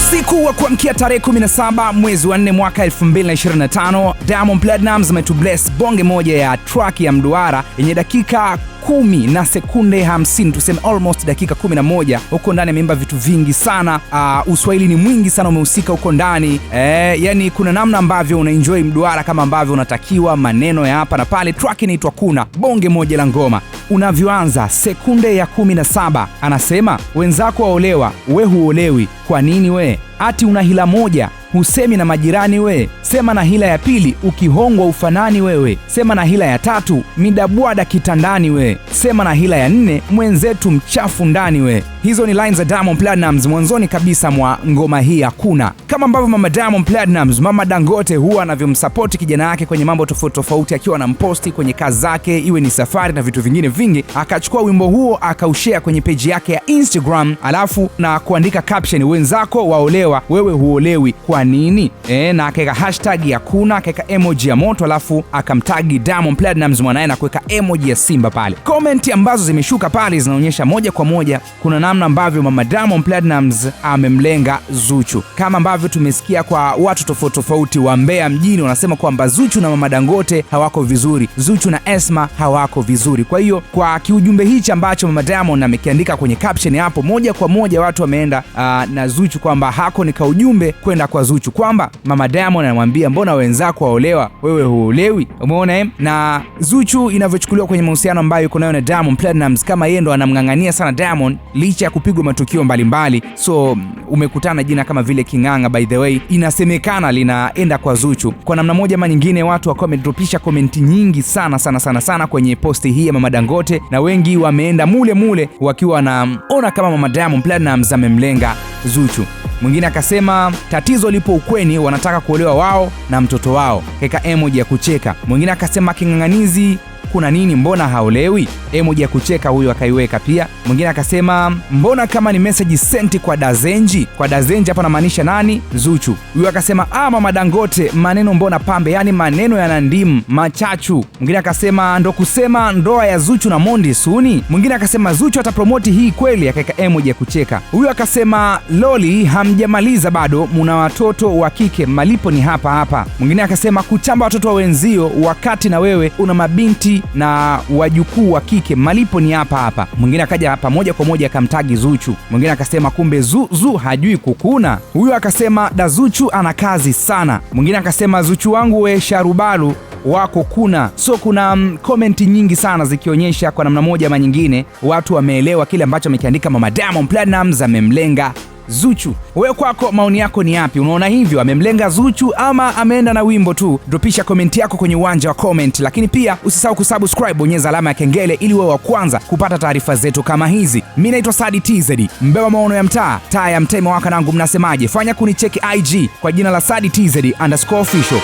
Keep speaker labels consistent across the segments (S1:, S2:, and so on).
S1: Usiku wa kuamkia tarehe 17 mwezi wa 4 mwaka 2025, Diamond Platnumz ametubless bonge moja ya track ya Mduara yenye dakika kumi na sekunde 50, tuseme almost dakika 11. Huko ndani ameimba vitu vingi sana. Uh, uswahili ni mwingi sana umehusika huko ndani eh, yani kuna namna ambavyo unaenjoi mduara kama ambavyo unatakiwa, maneno ya hapa na pale. Track inaitwa kuna bonge moja la ngoma. Unavyoanza sekunde ya 17, anasema wenzako waolewa, we huolewi, kwa nini we? Ati una hila moja husemi na majirani we, sema na hila ya pili, ukihongwa ufanani wewe, sema na hila ya tatu, midabwada kitandani we, sema na hila ya nne, mwenzetu mchafu ndani we. Hizo ni line za Diamond platinums mwanzoni kabisa mwa ngoma hii Hakuna, kama ambavyo mama Diamond platinums mama Dangote huwa anavyomsapoti kijana yake kwenye mambo tofauti tofauti, akiwa mposti kwenye kazi zake, iwe ni safari na vitu vingine vingi. Akachukua wimbo huo akaushea kwenye peji yake ya Instagram, alafu na kuandika caption, wenzako waolewa, wewe huolewi kwa kwa nini e, na akaweka hashtag ya kuna, akaweka emoji ya moto, alafu akamtagi Diamond Platnumz mwanaye na kuweka emoji ya simba pale. Comment ambazo zimeshuka pale zinaonyesha moja kwa moja kuna namna ambavyo mama Diamond Platnumz amemlenga Zuchu, kama ambavyo tumesikia kwa watu tofauti tofauti wa Mbeya mjini wanasema kwamba Zuchu na mama Dangote hawako vizuri, Zuchu na Esma hawako vizuri. Kwa hiyo kwa kiujumbe hichi ambacho mama Diamond amekiandika kwenye caption hapo, moja kwa moja watu wameenda uh, na Zuchu kwamba hako ni kaujumbe kwenda kwa Zuchu kwamba mama Diamond anamwambia mbona wenzako waolewa, wewe huolewi? Umeona eh? Na Zuchu inavyochukuliwa kwenye mahusiano ambayo yuko nayo na Diamond Platnumz, kama yeye ndo anamng'ang'ania sana Diamond licha ya kupigwa matukio mbalimbali. So umekutana jina kama vile King'ang'a, by the way, inasemekana linaenda kwa Zuchu. Kwa namna moja ama nyingine, watu wakawa wamedropisha komenti nyingi sana sana sana sana kwenye posti hii ya mama Dangote, na wengi wameenda mule mule wakiwa wanaona kama mama Diamond Platnumz amemlenga Zuchu. Mwingine akasema tatizo lipo ukweni, wanataka kuolewa wao na mtoto wao, keka emoji ya kucheka. Mwingine akasema king'ang'anizi, kuna nini? Mbona haolewi? emoji ya kucheka huyu akaiweka pia. Mwingine akasema mbona kama ni message senti kwa Dazenji. Kwa Dazenji hapa anamaanisha nani? Zuchu. Huyu akasema ah, mama Dangote, maneno mbona pambe, yaani maneno yana ndimu machachu. Mwingine akasema ndo kusema ndoa ya Zuchu na Mondi suni. Mwingine akasema Zuchu atapromoti hii kweli, akaweka emoji ya kucheka. Huyu akasema loli, hamjamaliza bado, muna watoto wa kike, malipo ni hapa hapa. Mwingine akasema kuchamba watoto wa wenzio wakati na wewe una mabinti na wajukuu wa kike kike malipo ni hapa hapa. Mwingine akaja hapa moja kwa moja akamtagi Zuchu, mwingine akasema kumbe zu, zu hajui kukuna, huyo akasema da Zuchu ana kazi sana, mwingine akasema Zuchu wangu we sharubalu wako kuna. So kuna um, mm, komenti nyingi sana zikionyesha kwa namna moja ama nyingine watu wameelewa kile ambacho amekiandika Mama Diamond Platnumz amemlenga Zuchu. Wewe kwako maoni yako ni yapi? Unaona hivyo amemlenga Zuchu ama ameenda na wimbo tu? Dropisha komenti yako kwenye uwanja wa comment, lakini pia usisahau kusubscribe, bonyeza alama ya kengele ili wewe wa kwanza kupata taarifa zetu kama hizi. mi naitwa Sadi TZ, mbeba maono ya mtaa, taa ya mtaa imewaka. Nangu mnasemaje? Fanya kunicheki IG kwa jina la Sadi TZ underscore official.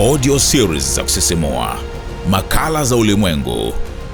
S2: Audio series za kusisimua, makala za ulimwengu